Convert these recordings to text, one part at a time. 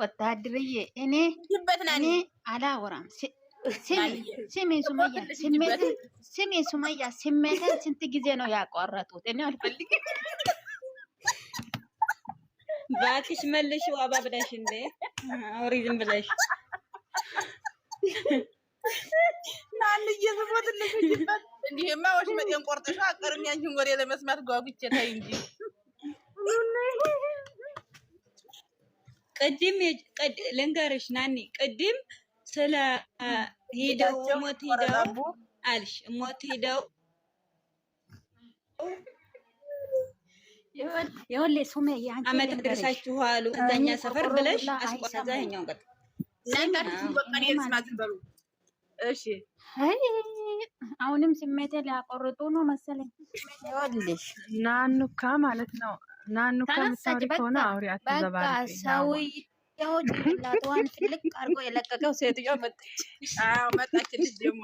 ወታደርዬ እኔ እኔ አላወራም። ስሜ ሱመያ ስሜ ሱመያ ስሜትን ስንት ጊዜ ነው ያቋረጡት? እኔ አልፈልግም። እባክሽ መልሽ አባ ብለሽ እንዴ አውሪ ዝም ብለሽ ናንዬ ዝም እንዲህማ ወሽመጤን ቆርጠሻ አቀርም። ያንቺን ወሬ ለመስማት ጓጉቼ ተይ እንጂ ቅድም ልንገርሽ ናኒ ቅድም ስለ ሂደው ሞት ሂደው አልሽ ሞት ሂደው የወሌ ሱሜ ያንቺ አመት ደርሳችኋል እዛኛ ሰፈር ብለሽ አስቆዛ ቀጥ አሁንም ስሜቴ ሊያቆርጡ ነው መሰለኝ። ናኑካ ማለት ነው ናኑ ከምታወሪ ከሆነ አውሪ አትዘባሪ። ሰውዬው ጭንቅላቷን አድርጎ የለቀቀው ሴትዮዋ መጣች። ደግሞ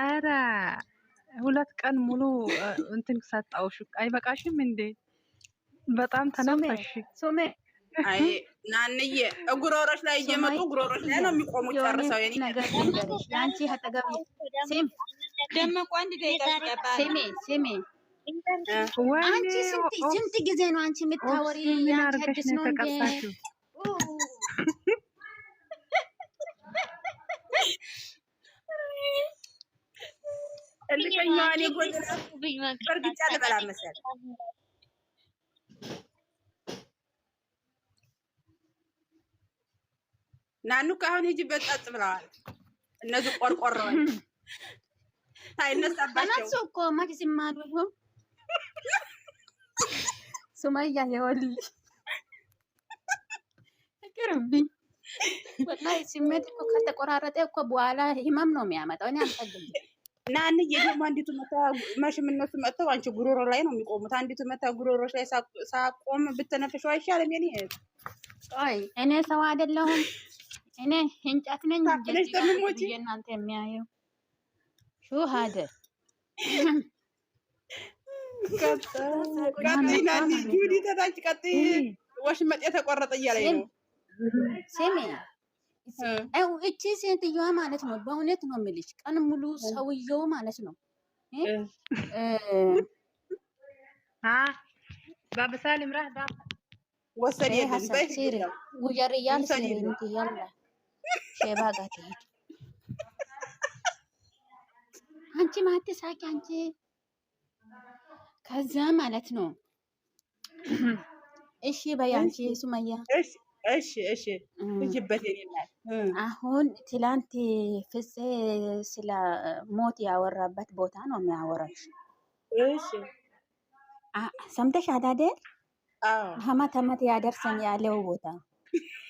አረ ሁለት ቀን ሙሉ እንትን ሰጣውሽ አይበቃሽም እንዴ? በጣም ተነፈሽ። አይ ናንዬ ጉሮሮች ላይ እየመጡ ጉሮሮች ላይ ነው የሚቆሙ። ጨርሰው ነገር ነገሮች ለአንቺ አጠገብ ደመቁ አንድ ደቂቃ ስሚ አንቺ ስንት ጊዜ ነው አንቺ የምታወሪ? ያንቺ ነው እንዴ? ልቀኛዋን የጎን በእርግጫ ልበላ መሰል ናኑ ከአሁን ሂጂ በጣጥ ብለዋል እነዚህ ቆርቆረዋል። አይነሳባቸው እኮ ማክሲማሉ ሱመያ የወልሽ ቅርብኝ ወላሂ ስሜት እኮ ከተቆራረጠ እኮ በኋላ ህመም ነው የሚያመጣው። እኔ አልፈልግም። እና አንዬ ደግሞ አንዲቱ መታ መሽም እነሱ መጥተው አንቺ ጉሮሮ ላይ ነው የሚቆሙት። አንዲቱ መታ ጉሮሮች ላይ ሳቆም ብትነፍሺው አይሻልም? የኔ ቆይ እኔ ሰው አይደለሁም እኔ እንጨት ነኝ። እናንተ የሚያየው ሹሃደር ወሽመጤ እቺ ሴትዮዋ ማለት ነው። በእውነት ነው የምልሽ፣ ቀን ሙሉ ሰውየው ማለት ነው ወሰድ ጋር ትሄድ አንቺ ማትሳቂ አንቺ። ከዛ ማለት ነው እሺ በያንቺ አንቺ ሱመያ እሺ እሺ እጅበት ይላል። አሁን ትላንት ፍፄ ስለ ሞት ያወራበት ቦታ ነው የሚያወራሽ። እሺ ሰምተሽ አዳደር ሀማ ተመት ያደርሰን ያለው ቦታ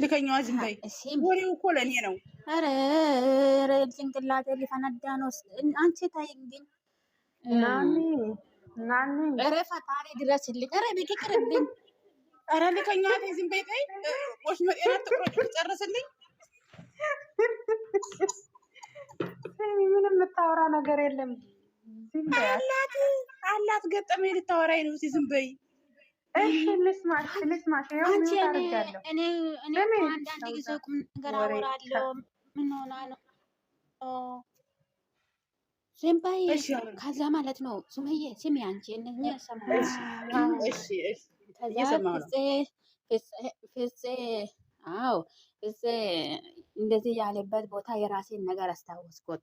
ልከኛዋ ዝም በይ። ወሬው እኮ ለእኔ ነው። ኧረ ኧረ ጭንቅላቴ ሊፈነዳ ነው። አንቺ ታይ ግን ኧረ ፈጣሪ ድረስልኝ። ኧረ ቤት ቅርብኝ። ኧረ ልከኛዋ ተይ ዝም በይ። ተይ ወሽመጤ ናት። ትቁረጭ ትጨርስልኝ። ምንም የምታወራ ነገር የለም። አላት አላት ገጠመኝ ልታወራኝ ነው። ዝም በይ እሺ ልስማሽ ልስማሽ። እኔ አንዳንድ ጊዜ ቁም ነገር አወራለሁ። ምን ሆና ነው ዘንባዬ? ከዛ ማለት ነው ሱመዬ ስሚ አንቺ እነኛ ፍፄ እንደዚህ ያለበት ቦታ የራሴን ነገር አስታወስኩት።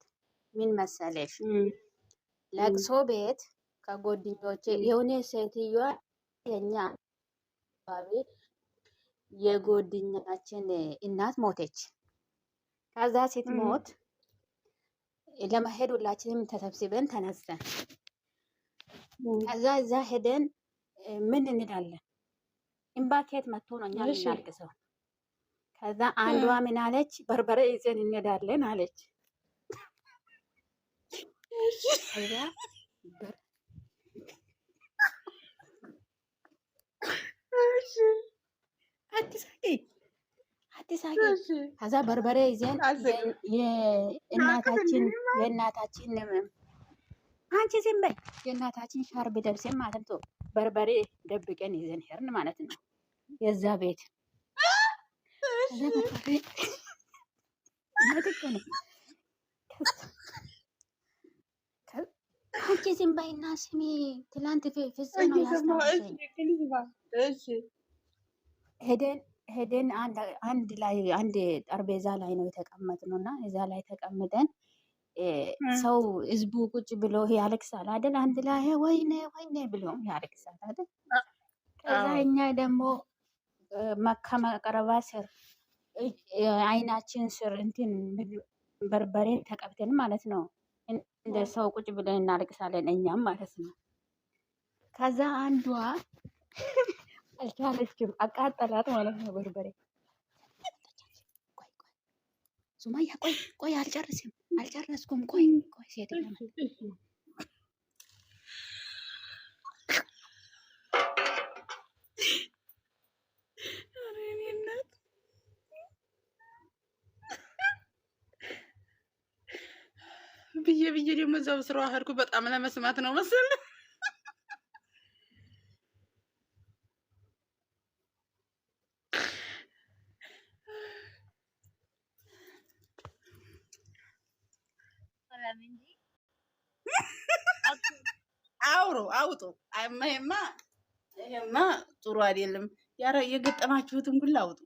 ምን መሰለሽ ለቅሶ ቤት ከጎድኞቼ የሆነ ሴትዮዋ የኛ አካባቢ የጎድኛችን እናት ሞተች። ከዛ ሞት ለመሄድ ሁላችንም ተሰብስበን ተነስተን ከዛ እዛ ሄደን ምን እንላለን? እምባ ከየት መጥቶ ነው እኛ የምናልቅሰው? ከዛ አንዷ ምን አለች? በርበሬ ይዘን እንሄዳለን አለች። አትሳቂ አትሳቂ። ከዛ በርበሬ ይዘን የእናታችን የእናታችን አንቺ ዝም በይ የእናታችን ሻርብ ደብሰን ማለት በርበሬ ደብቀን ይዘን ሄርን ማለት ነው። የዛ ቤት ነው አንቺ ዝም በይና ስሚ። ትላንት ሄደን አንድ ላይ አንድ ጠረጴዛ ላይ ነው የተቀመጥነው እና እዛ ላይ ተቀምጠን ሰው ህዝቡ ቁጭ ብሎ ያለቅሳል አይደል? አንድ ላይ ወይኔ ወይኔ ብሎ ያለቅሳል አይደል? ከዛ እኛ ደግሞ መካ መቀረባ ስር አይናችን ስር እንትን በርበሬ ተቀብተን ማለት ነው እንደ ሰው ቁጭ ብለን እናለቅሳለን፣ እኛም ማለት ነው። ከዛ አንዷ አልቻለችም፣ አቃጠላት ማለት ነው በርበሬ። ሱማያ ቆይ ቆይ፣ አልጨርስም፣ አልጨረስኩም፣ ቆይ ቆይ ሴት ብዬ ብዬ ደግሞ እዛው ስራዋ ሄድኩ። በጣም ለመስማት ነው መሰል አውሮ አውጡ። ይሄማ ይሄማ ጥሩ አይደለም። ያረ የገጠማችሁትን ሁሉ አውጡ።